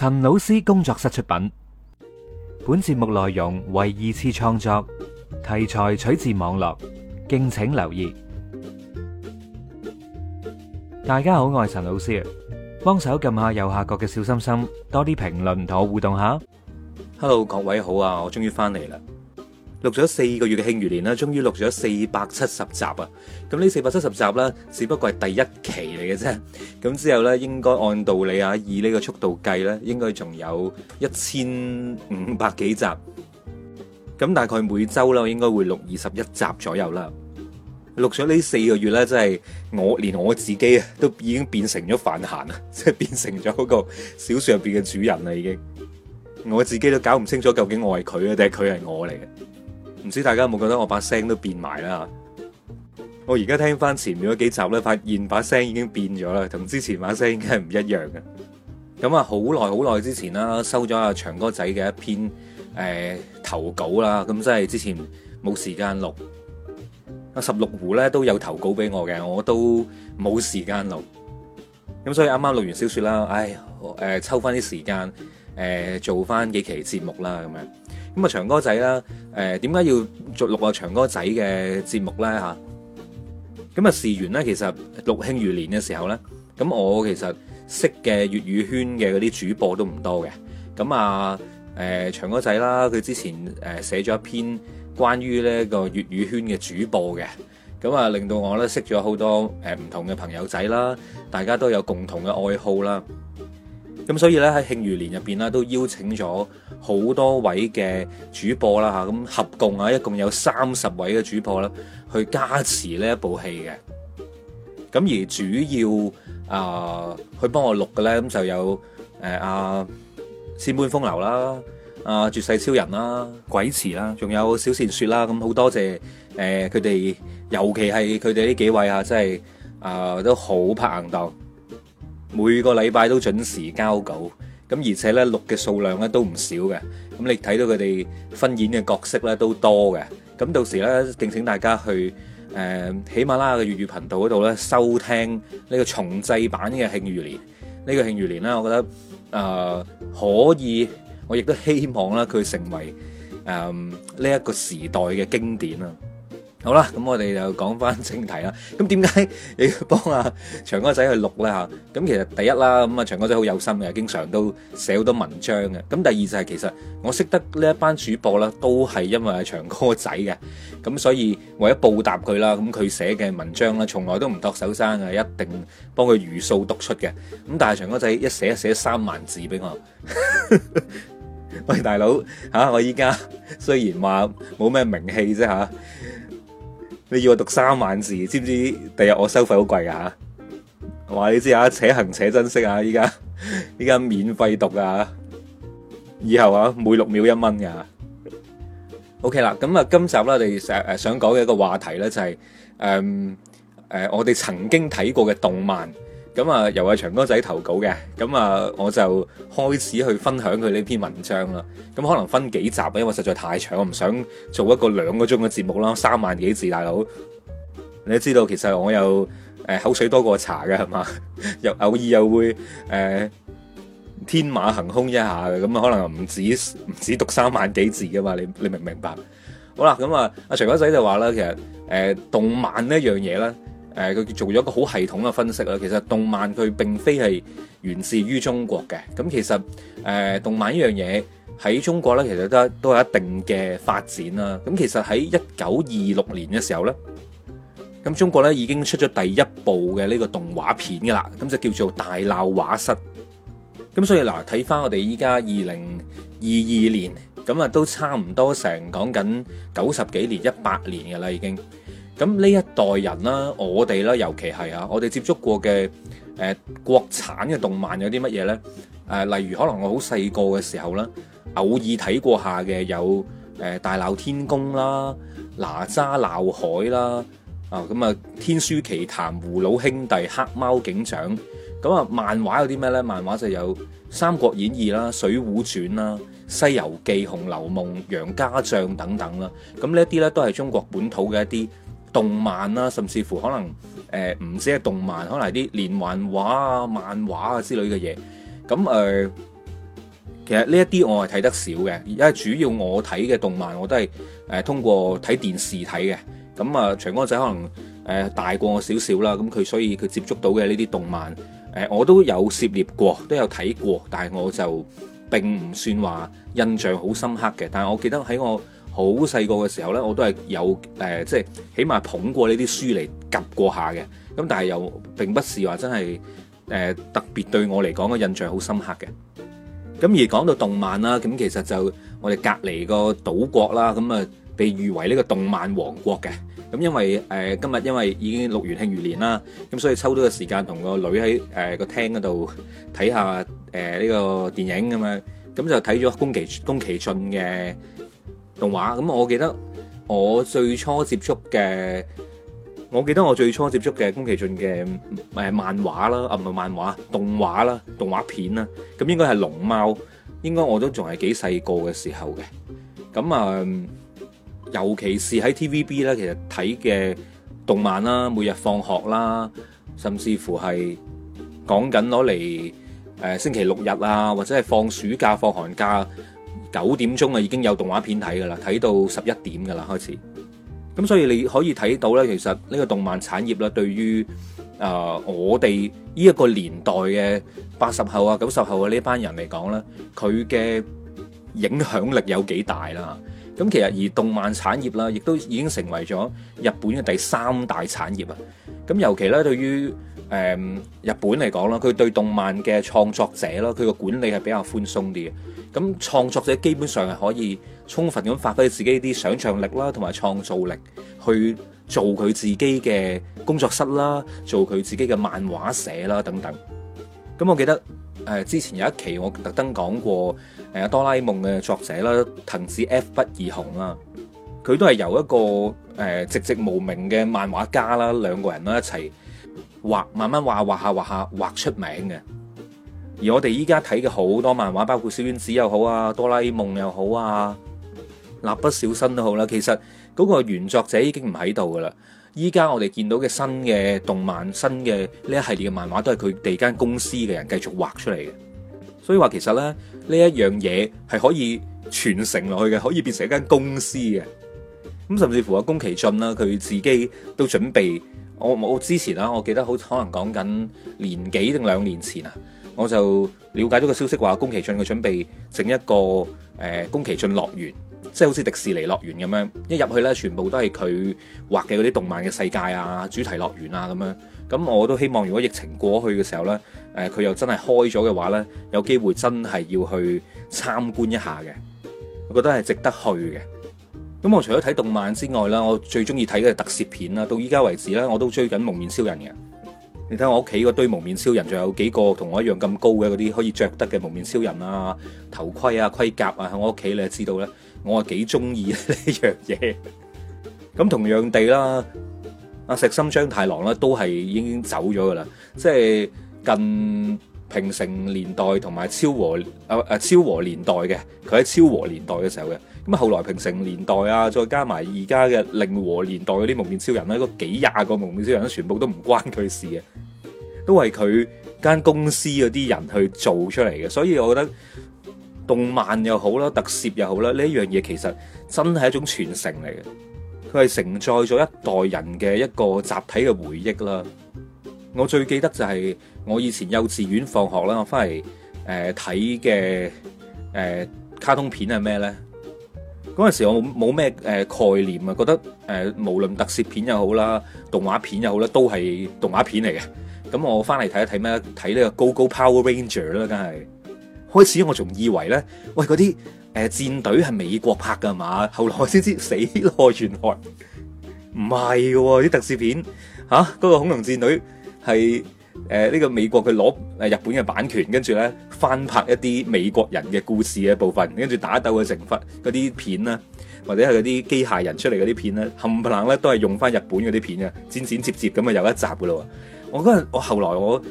陳老師工作室出品，本節目內容為二次創作，題材取自網絡，敬請留意。大家好，我係陳老師，幫手撳下右下角嘅小心心，多啲評論同我互動下。Hello，各位好啊，我終於翻嚟啦。錄咗四個月嘅慶餘年啦，終於錄咗四百七十集啊！咁呢四百七十集啦，只不過係第一期嚟嘅啫。咁之後咧，應該按道理啊，以呢個速度計咧，應該仲有一千五百幾集。咁大概每周啦，應該會錄二十一集左右啦。錄咗呢四個月咧，真係我連我自己啊，都已經變成咗范閒啊,即係變成咗個小說入邊嘅主人啦，已經。我自己都搞唔清楚究竟我係佢啊，定係佢係我嚟嘅。唔知大家有冇覺得我把聲都變埋啦？我而家聽翻前面嗰幾集咧，發現把聲已經變咗啦，同之前把聲應該係唔一樣嘅。咁啊，好耐好耐之前啦，收咗阿長哥仔嘅一篇誒、欸、投稿啦，咁即係之前冇時間錄。阿十六湖咧都有投稿俾我嘅，我都冇時間錄。咁所以啱啱錄完小說啦，唉，誒，抽翻啲時間誒做翻幾期節目啦，咁樣。咁啊，祥哥仔啦，誒點解要做錄啊祥哥仔嘅節目咧嚇？咁啊，事緣咧，其實六慶餘年嘅時候咧，咁我其實識嘅粵語圈嘅嗰啲主播都唔多嘅。咁啊，誒祥哥仔啦，佢之前誒寫咗一篇關於呢個粵語圈嘅主播嘅，咁啊令到我咧識咗好多誒唔同嘅朋友仔啦，大家都有共同嘅愛好啦。咁所以咧，喺慶餘年入面咧，都邀請咗好多位嘅主播啦，吓，咁合共啊，一共有三十位嘅主播啦，去加持呢一部戲嘅。咁而主要啊，去、呃、幫我錄嘅咧，咁就有誒仙、呃、般風流啦、呃、絕世超人啦、鬼池啦，仲有小善雪啦。咁好多謝誒佢哋，尤其係佢哋呢幾位啊，真係啊、呃、都好拍硬檔。每個禮拜都準時交稿，咁而且咧錄嘅數量咧都唔少嘅。咁你睇到佢哋分演嘅角色咧都多嘅。咁到時咧敬請大家去誒、呃、喜馬拉雅嘅粵語頻道嗰度咧收聽呢個重製版嘅《慶餘年》呢、呢個《慶餘年》咧，我覺得誒、呃、可以，我亦都希望咧佢成為誒呢一個時代嘅經典啊！好啦，咁我哋就講翻正題啦。咁點解你要幫阿祥哥仔去錄呢？嚇？咁其實第一啦，咁啊祥哥仔好有心嘅，經常都寫好多文章嘅。咁第二就係、是、其實我識得呢一班主播啦，都係因為祥哥仔嘅。咁所以為咗報答佢啦，咁佢寫嘅文章啦，從來都唔托手生嘅，一定幫佢如數讀出嘅。咁但係祥哥仔一寫一寫三萬字俾我， 喂，大佬我依家雖然話冇咩名氣啫。你要我讀三萬字，知唔知？第日我收費好貴啊！話你知啊，且行且珍惜啊！依家依家免費讀啊！以後啊，每六秒一蚊噶。OK 啦，咁啊，今集呢，我哋誒想講嘅一個話題咧、就係，就係誒誒，我哋曾經睇過嘅動漫。咁啊，由阿祥哥仔投稿嘅，咁啊，我就開始去分享佢呢篇文章啦。咁可能分幾集，因為實在太長，我唔想做一個兩個鐘嘅節目啦，三萬幾字大佬。你都知道，其實我有誒、呃、口水多過茶嘅，係嘛？又偶爾又會誒、呃、天馬行空一下咁啊，可能唔止唔止讀三萬幾字㗎嘛。你你明唔明白？好啦，咁啊，阿祥哥仔就話啦，其實誒、呃、動漫呢樣嘢啦。誒，佢做咗個好系統嘅分析啦，其實動漫佢並非係源自於中國嘅，咁其實誒，動漫依樣嘢喺中國呢，其實都都有一定嘅發展啦。咁其實喺一九二六年嘅時候呢，咁中國呢已經出咗第一部嘅呢個動畫片噶啦，咁就叫做《大鬧畫室》。咁所以嗱，睇翻我哋依家二零二二年，咁啊都差唔多成講緊九十幾年、一百年噶啦，已經。咁呢一代人啦，我哋啦，尤其係啊，我哋接觸過嘅、呃、國產嘅動漫有啲乜嘢呢、呃？例如可能我好細個嘅時候啦，偶爾睇過下嘅有、呃、《大鬧天宮》啦，《哪吒鬧海》啦、啊，啊咁啊《天書奇談》《葫蘆兄弟》《黑貓警長》嗯。咁、嗯、啊漫畫有啲咩呢？漫畫就有《三國演義》啦，《水滸傳》啦，《西遊記》紅樓夢《紅樓夢》《楊家將》等等啦。咁呢一啲呢，都係中國本土嘅一啲。動漫啦，甚至乎可能誒唔止係動漫，可能係啲連環畫啊、漫畫啊之類嘅嘢。咁誒、呃，其實呢一啲我係睇得少嘅，而家主要我睇嘅動漫我都係誒、呃、通過睇電視睇嘅。咁啊，祥、呃、哥仔可能誒、呃、大過我少少啦，咁佢所以佢接觸到嘅呢啲動漫，誒、呃、我都有涉獵過，都有睇過，但係我就並唔算話印象好深刻嘅。但係我記得喺我好細個嘅時候咧，我都係有誒，即係起碼捧過呢啲書嚟及過下嘅。咁但係又並不是話真係誒特別對我嚟講嘅印象好深刻嘅。咁而講到動漫啦，咁其實就我哋隔籬個島國啦，咁啊被譽為呢個動漫王國嘅。咁因為誒今日因為已經六月慶餘年啦，咁所以抽到個時間同個女喺誒個廳嗰度睇下誒呢個電影咁樣，咁就睇咗宮崎宮崎駿嘅。動畫咁，我記得我最初接觸嘅，我記得我最初接觸嘅宮崎駿嘅誒漫畫啦，啊唔係漫畫，動畫啦，動畫片啦，咁應該係《龍貓》，應該我都仲係幾細個嘅時候嘅。咁啊，尤其是喺 TVB 咧，其實睇嘅動漫啦，每日放學啦，甚至乎係講緊攞嚟誒星期六日啊，或者係放暑假、放寒假。九點鐘啊，已經有動畫片睇噶啦，睇到十一點噶啦，開始咁，所以你可以睇到呢，其實呢個動漫產業啦，對於啊我哋呢一個年代嘅八十後啊、九十後啊呢班人嚟講呢，佢嘅影響力有幾大啦。咁其實而動漫產業啦，亦都已經成為咗日本嘅第三大產業啊。咁尤其呢，對於誒日本嚟講啦，佢對動漫嘅創作者啦，佢個管理係比較寬鬆啲嘅。咁創作者基本上係可以充分咁發揮自己啲想像力啦，同埋創造力去做佢自己嘅工作室啦，做佢自己嘅漫畫社啦等等。咁我記得誒之前有一期我特登講過誒哆啦 A 夢嘅作者啦，藤子 F 不二雄啦，佢都係由一個誒寂寂無名嘅漫畫家啦，兩個人啦一齊。畫慢慢畫，畫下畫下畫，畫出名嘅。而我哋依家睇嘅好多漫畫，包括小丸子又好啊，哆啦 A 夢又好啊，蠟筆小新都好啦。其實嗰個原作者已經唔喺度噶啦。依家我哋見到嘅新嘅動漫、新嘅呢一系列嘅漫畫，都係佢哋間公司嘅人繼續畫出嚟嘅。所以話其實咧，呢一樣嘢係可以傳承落去嘅，可以變成一間公司嘅。咁甚至乎阿宮崎駿啦，佢自己都準備。我我之前啦，我記得好可能講緊年幾定兩年前啊，我就了解咗個消息話宮崎駿佢準備整一個誒宮崎駿樂園，即係好似迪士尼樂園咁樣，一入去呢，全部都係佢畫嘅嗰啲動漫嘅世界啊，主題樂園啊咁樣。咁我都希望如果疫情過去嘅時候呢，誒佢又真係開咗嘅話呢，有機會真係要去參觀一下嘅，我覺得係值得去嘅。咁我除咗睇動漫之外啦，我最中意睇嘅係特攝片啦。到依家為止咧，我都追緊幪面超人嘅。你睇我屋企嗰堆幪面超人，仲有幾個同我一樣咁高嘅嗰啲可以着得嘅幪面超人啊、頭盔啊、盔甲啊，喺我屋企你就知道咧，我係幾中意呢樣嘢。咁同樣地啦，阿石森張太郎咧都係已經走咗噶啦，即係近平成年代同埋昭和誒誒、啊、昭和年代嘅，佢喺昭和年代嘅時候嘅。咁啊！後來平成年代啊，再加埋而家嘅令和年代嗰啲蒙面超人咧，嗰幾廿個蒙面超人咧，全部都唔關佢事嘅，都係佢間公司嗰啲人去做出嚟嘅。所以我覺得動漫又好啦，特攝又好啦，呢一樣嘢其實真係一種傳承嚟嘅，佢係承載咗一代人嘅一個集體嘅回憶啦。我最記得就係我以前幼稚園放學啦，我翻嚟誒睇嘅誒卡通片係咩咧？嗰陣時我冇咩誒概念啊，覺得誒無論特攝片又好啦，動畫片又好啦，都係動畫片嚟嘅。咁我翻嚟睇一睇咩，睇呢個 Go《Gogo Power Ranger》啦，梗係開始我仲以為咧，喂嗰啲誒戰隊係美國拍㗎嘛，後來我先知死原來全害，唔係喎，啲特攝片嚇嗰個恐龍戰隊係。誒、呃、呢、這個美國佢攞日本嘅版權，跟住咧翻拍一啲美國人嘅故事嘅部分，跟住打鬥嘅成分嗰啲片咧，或者係嗰啲機械人出嚟嗰啲片咧，冚唪冷咧都係用翻日本嗰啲片呀，剪剪接接咁啊有一集噶咯。我嗰陣我後來我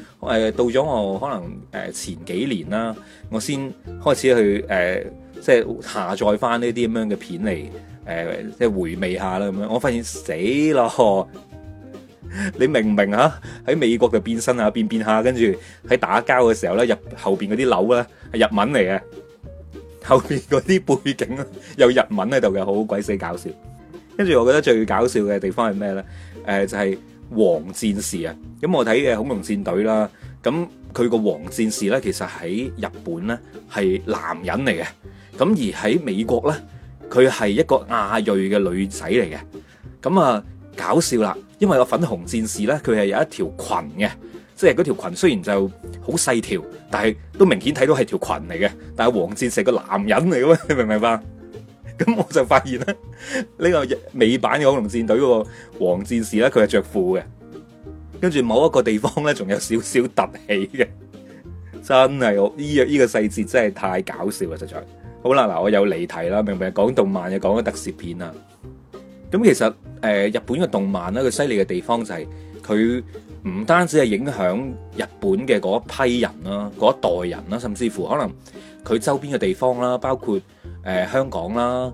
到咗我可能前幾年啦，我先開始去、呃、即係下載翻呢啲咁樣嘅片嚟、呃、即係回味下啦咁樣，我發現死咯～你明唔明啊？喺美國就變身啊，變變下，跟住喺打交嘅時候咧，入後邊嗰啲樓咧係日文嚟嘅，後邊嗰啲背景咧有日文喺度嘅，好鬼死搞笑。跟住我覺得最搞笑嘅地方係咩咧？誒，就係黃戰士啊！咁我睇嘅恐龍戰隊啦，咁佢個黃戰士咧，其實喺日本咧係男人嚟嘅，咁而喺美國咧佢係一個亞裔嘅女仔嚟嘅，咁啊搞笑啦！因為個粉紅戰士咧，佢係有一條裙嘅，即係嗰條裙雖然就好細條，但係都明顯睇到係條裙嚟嘅。但係黃戰士係個男人嚟嘅，你明唔明白嗎？咁我就發現咧，呢個美版嘅恐龍戰隊嗰個黃戰士咧，佢係着褲嘅，跟住某一個地方咧，仲有少少凸起嘅，真係我依個依個細節真係太搞笑啦！實在好啦，嗱，我有離題啦，明唔明講動漫又講緊特攝片啊。咁其實誒日本嘅動漫咧，佢犀利嘅地方就係佢唔單止係影響日本嘅嗰一批人啦、嗰一代人啦，甚至乎可能佢周邊嘅地方啦，包括誒香港啦、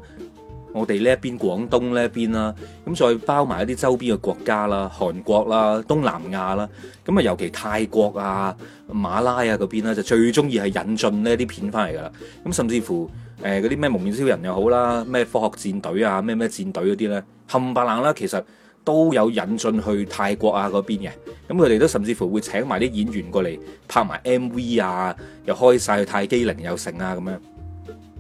我哋呢一邊廣東呢一邊啦，咁再包埋一啲周邊嘅國家啦、韓國啦、東南亞啦，咁啊尤其泰國啊、馬拉呀嗰邊咧，就最中意係引進呢一啲片翻嚟噶啦，咁甚至乎。誒，嗰啲咩《幪面超人》又好啦，咩《科學戰隊》啊，咩咩戰隊嗰啲咧，冚唪唥啦，其實都有引進去泰國啊嗰邊嘅，咁佢哋都甚至乎會請埋啲演員過嚟拍埋 MV 啊，又開晒去泰姬陵又成啊咁樣，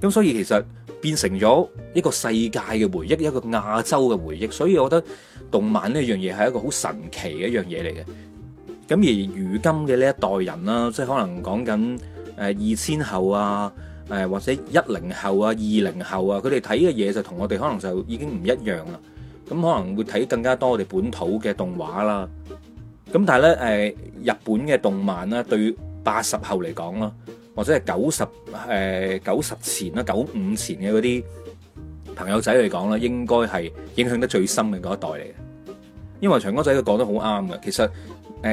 咁所以其實變成咗一個世界嘅回憶，一個亞洲嘅回憶，所以我覺得動漫呢樣嘢係一個好神奇嘅一樣嘢嚟嘅。咁而如今嘅呢一代人啦，即係可能講緊誒二千後啊。誒或者一零後啊、二零後啊，佢哋睇嘅嘢就同我哋可能就已經唔一樣啦。咁可能會睇更加多我哋本土嘅動畫啦。咁但係咧誒，日本嘅動漫咧、啊、對八十後嚟講啦，或者係九十誒九十前啦、九五前嘅嗰啲朋友仔嚟講咧，應該係影響得最深嘅嗰一代嚟嘅。因為祥哥仔佢講得好啱嘅，其實誒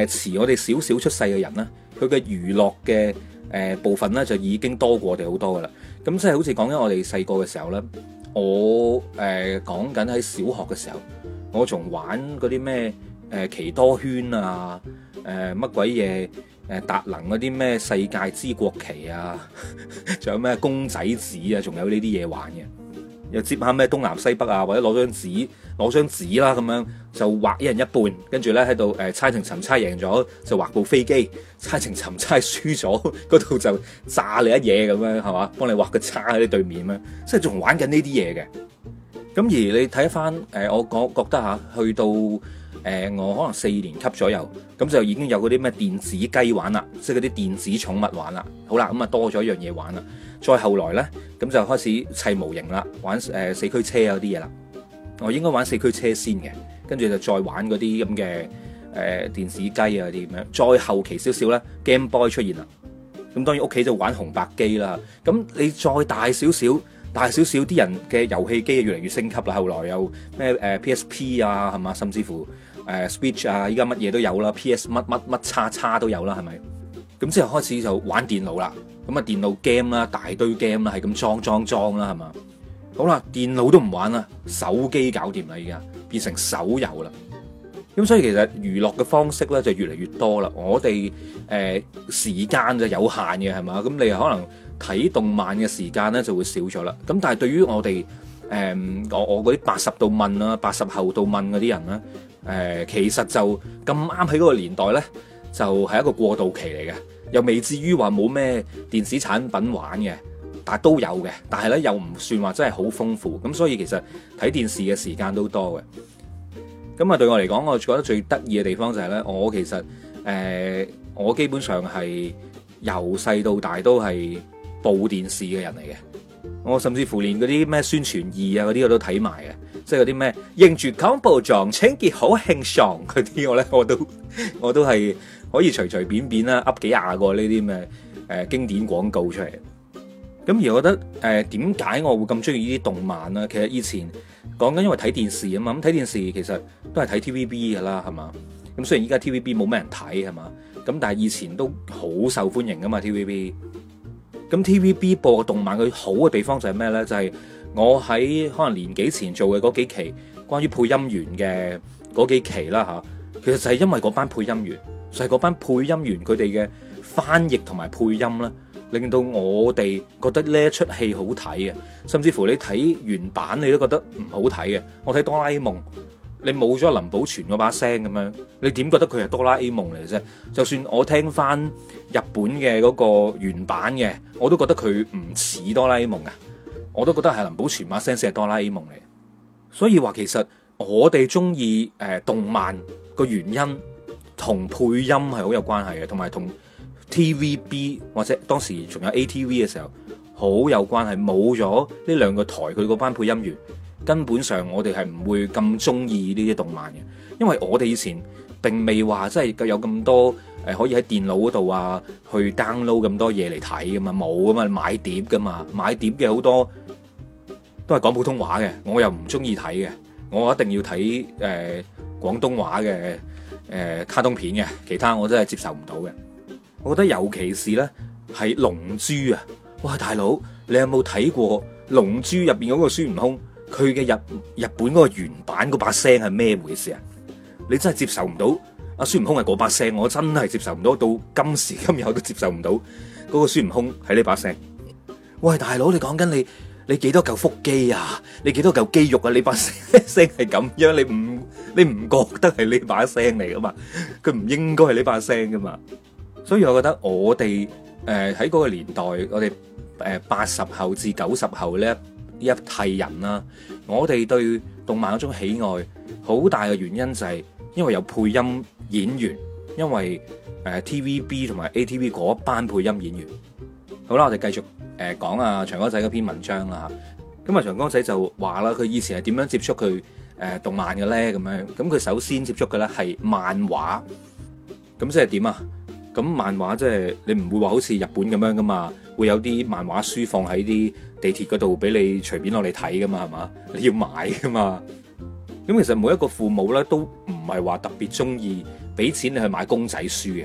遲、呃、我哋少少出世嘅人咧，佢嘅娛樂嘅。誒部分咧就已經多過我哋好多噶啦，咁即係好似講緊我哋細個嘅時候咧，我誒講緊喺小學嘅時候，我仲玩嗰啲咩誒奇多圈啊，誒乜鬼嘢誒達能嗰啲咩世界之國旗啊，仲有咩公仔紙啊，仲有呢啲嘢玩嘅。又接下咩東南西北啊，或者攞張紙攞張紙啦，咁樣就畫一人一半，跟住咧喺度誒猜程尋猜贏咗就畫部飛機，猜程尋猜輸咗嗰度就炸你一嘢咁樣係嘛，幫你畫個叉喺你對面咩，即係仲玩緊呢啲嘢嘅。咁而你睇翻誒，我覺覺得吓，去到誒、呃、我可能四年級左右，咁就已經有嗰啲咩電子雞玩啦，即係嗰啲電子寵物玩啦。好啦，咁啊多咗一樣嘢玩啦。再後來咧，咁就開始砌模型啦，玩、呃、四驅車嗰啲嘢啦。我、哦、應該玩四驅車先嘅，跟住就再玩嗰啲咁嘅誒電視機啊嗰啲咁樣。再後期少少咧，Game Boy 出現啦。咁當然屋企就玩紅白機啦。咁你再大少少，大少少啲人嘅遊戲機越嚟越升級啦。後來有咩、呃、PSP 啊，係嘛，甚至乎、呃、Switch 啊，依家乜嘢都有啦。PS 乜乜乜叉叉都有啦，係咪？咁之後開始就玩電腦啦。咁啊，電腦 game 啦，大堆 game 啦，係咁裝裝裝啦，係嘛？好啦，電腦都唔玩啦，手機搞掂啦，而家變成手遊啦。咁所以其實娛樂嘅方式咧就越嚟越多啦。我哋誒、呃、時，時間就有限嘅係嘛？咁你可能睇動漫嘅時間咧就會少咗啦。咁但係對於我哋誒、呃、我我嗰啲八十度問啦，八十後度問嗰啲人啦、呃，其實就咁啱喺嗰個年代咧，就係、是、一個過渡期嚟嘅。又未至於話冇咩電子產品玩嘅，但都有嘅。但係咧又唔算話真係好豐富，咁所以其實睇電視嘅時間都多嘅。咁啊，對我嚟講，我覺得最得意嘅地方就係、是、咧，我其實誒、呃、我基本上係由細到大都係煲電視嘅人嚟嘅。我甚至乎連嗰啲咩宣傳二啊嗰啲我都睇埋嘅，即係嗰啲咩認住乾布狀清潔好輕爽嗰啲我咧我都我都係。可以隨隨便便啦，噏幾廿個呢啲咩誒經典廣告出嚟。咁而我覺得誒點解我會咁鍾意呢啲動漫咧？其實以前講緊因為睇電視啊嘛，咁睇電視其實都係睇 T V B 噶啦，係嘛？咁雖然依家 T V B 冇咩人睇係嘛，咁但係以前都好受歡迎噶嘛 T V B。咁 T V B 播動漫佢好嘅地方就係咩咧？就係、是、我喺可能年幾前做嘅嗰幾期關於配音員嘅嗰幾期啦吓，其實就係因為嗰班配音員。就係嗰班配音員佢哋嘅翻譯同埋配音咧，令到我哋覺得呢一出戲好睇嘅，甚至乎你睇原版你都覺得唔好睇嘅。我睇哆啦 A 夢，你冇咗林保全嗰把聲咁樣，你點覺得佢係哆啦 A 夢嚟啫？就算我聽翻日本嘅嗰個原版嘅，我都覺得佢唔似哆啦 A 夢啊，我都覺得係林保全把聲先係哆啦 A 夢嚟。所以話其實我哋中意誒動漫個原因。同配音係好有關係嘅，同埋同 TVB 或者當時仲有 ATV 嘅時候好有關係。冇咗呢兩個台，佢嗰班配音員根本上我哋係唔會咁中意呢啲動漫嘅，因為我哋以前並未話真係有咁多誒、呃、可以喺電腦嗰度啊去 download 咁多嘢嚟睇㗎嘛，冇吖嘛，買碟㗎嘛，買碟嘅好多都係講普通話嘅，我又唔中意睇嘅，我一定要睇誒廣東話嘅。誒、呃，卡通片嘅其他我真係接受唔到嘅，我覺得尤其是呢，係《龍珠》啊！喂大佬，你有冇睇過《龍珠》入邊嗰個孫悟空？佢嘅日日本嗰個原版嗰把聲係咩回事啊？你真係接受唔到，阿、啊、孫悟空係嗰把聲，我真係接受唔到，到今時今日我都接受唔到嗰個孫悟空係呢把聲。喂，大佬，你講緊你？你幾多嚿腹肌啊？你幾多嚿肌肉啊？你這把聲係咁樣，你唔你唔覺得係呢把聲嚟噶嘛？佢唔應該係呢把聲噶嘛？所以我覺得我哋誒喺嗰個年代，我哋誒八十後至九十後呢一替人啦，我哋對動漫嗰種喜愛好大嘅原因就係因為有配音演員，因為誒 TVB 同埋 ATV 嗰班配音演員。好啦，我哋繼續誒講啊，祥哥仔嗰篇文章啦。咁啊，祥哥仔就話啦，佢以前係點樣接觸佢誒、呃、動漫嘅咧？咁樣，咁佢首先接觸嘅咧係漫畫。咁即係點啊？咁漫畫即係你唔會話好似日本咁樣噶嘛？會有啲漫畫書放喺啲地鐵嗰度俾你隨便攞嚟睇噶嘛？係嘛？你要買噶嘛？咁其實每一個父母咧都唔係話特別中意俾錢你去買公仔書嘅，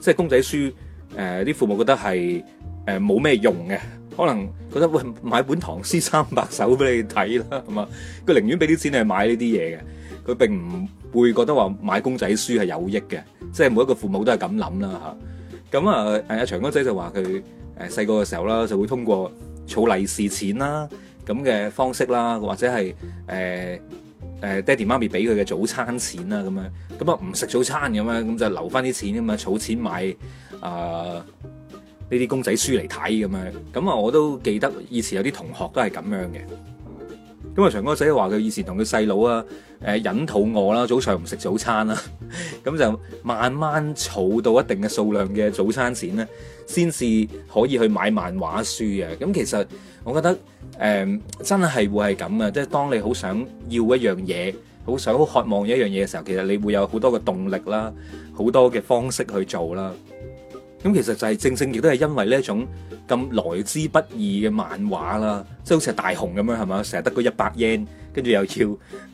即係公仔書誒，啲、呃、父母覺得係。誒冇咩用嘅，可能覺得會買本唐詩三百首俾你睇啦，係嘛？佢寧願俾啲錢你買呢啲嘢嘅，佢並唔會覺得話買公仔書係有益嘅，即係每一個父母都係咁諗啦嚇。咁啊，阿長哥仔就話佢誒細個嘅時候啦，就會通過儲利是錢啦咁嘅方式啦，或者係誒誒爹哋媽咪俾佢嘅早餐錢啦咁樣，咁啊唔食早餐咁樣，咁就留翻啲錢啊嘛，儲錢買啊～、呃呢啲公仔書嚟睇咁樣，咁啊我都記得以前有啲同學都係咁樣嘅。咁啊祥哥仔話佢以前同佢細佬啊，誒、呃、忍肚餓啦，早上唔食早餐啦，咁 就慢慢儲到一定嘅數量嘅早餐錢咧，先至可以去買漫畫書啊。咁其實我覺得誒、呃、真係會係咁啊，即係當你好想要一樣嘢，好想好渴望一樣嘢嘅時候，其實你會有好多嘅動力啦，好多嘅方式去做啦。咁其實就係正正亦都係因為呢一種咁來之不易嘅漫畫啦，即係好似係大雄咁樣係嘛，成日得嗰一百 yen，跟住又要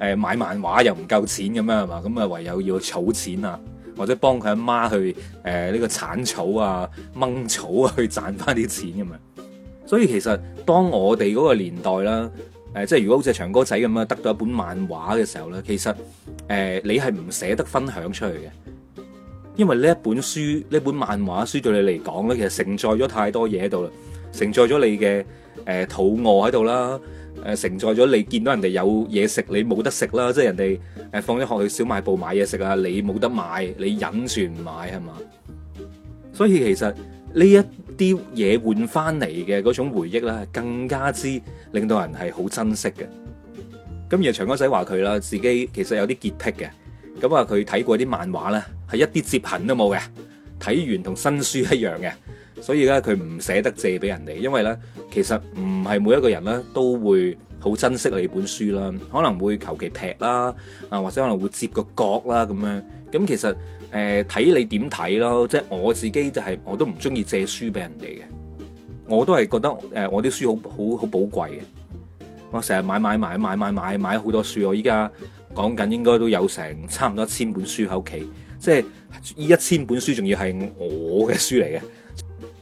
誒買漫畫又唔夠錢咁樣係嘛，咁啊唯有要儲錢啊，或者幫佢阿媽去誒呢、呃這個剷草啊、掹草啊去賺翻啲錢咁樣。所以其實當我哋嗰個年代啦，誒、呃、即係如果好似祥哥仔咁樣，得到一本漫畫嘅時候咧，其實誒、呃、你係唔捨得分享出去嘅。因為呢一本書，呢本漫畫書對你嚟講咧，其實承載咗太多嘢喺度啦，承載咗你嘅誒、呃、肚餓喺度啦，誒、呃、承載咗你見到人哋有嘢食，你冇得食啦，即係人哋誒放咗學去小賣部買嘢食啊，你冇得買，你忍住唔買，係嘛？所以其實呢一啲嘢換翻嚟嘅嗰種回憶咧，更加之令到人係好珍惜嘅。咁而祥哥仔話佢啦，自己其實有啲潔癖嘅，咁啊佢睇過啲漫畫啦係一啲折痕都冇嘅，睇完同新書一樣嘅，所以咧佢唔捨得借俾人哋，因為咧其實唔係每一個人咧都會好珍惜你本書啦，可能會求其劈啦啊，或者可能會折個角啦咁樣。咁其實誒睇、呃、你點睇咯，即係我自己就係我都唔中意借書俾人哋嘅，我都係覺得誒我啲書好好好寶貴嘅。我成日買買買買買買買好多書，我依家講緊應該都有成差唔多一千本書喺屋企。即係呢一,一千本書，仲要係我嘅書嚟嘅。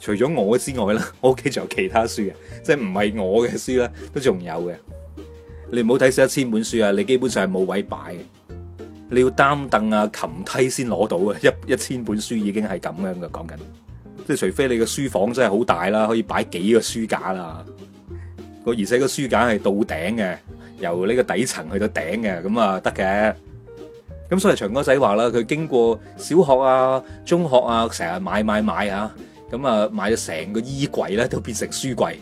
除咗我之外啦，我屋企仲有其他書嘅，即係唔係我嘅書啦，都仲有嘅。你唔好睇死一千本書啊！你基本上係冇位擺嘅，你要擔凳啊、擒梯先攞到啊。一一千本書已經係咁樣嘅講緊，即係除非你個書房真係好大啦，可以擺幾個書架啦。而且個書架係到頂嘅，由呢個底層去到頂嘅，咁啊得嘅。咁所以祥哥仔話啦，佢經過小學啊、中學啊，成日買買買吓，咁啊買咗成個衣櫃咧都變成書櫃。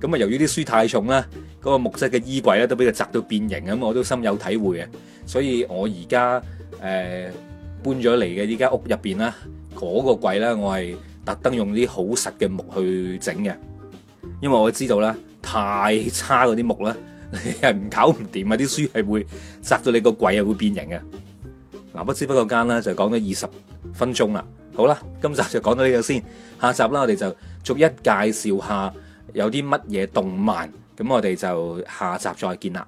咁啊，由於啲書太重啦，嗰個木質嘅衣櫃咧都俾佢砸到變形。咁我都深有體會啊。所以我而家、呃、誒搬咗嚟嘅呢間屋入邊啦，嗰、嗰個櫃咧我係特登用啲好實嘅木去整嘅，因為我知道咧太差嗰啲木咧係唔搞唔掂啊！啲書係會砸到你個櫃啊，會變形嘅。嗱、啊，不知不覺間咧就講咗二十分鐘啦。好啦，今集就講到呢度先，下集啦我哋就逐一介紹下有啲乜嘢動漫。咁我哋就下集再見啦。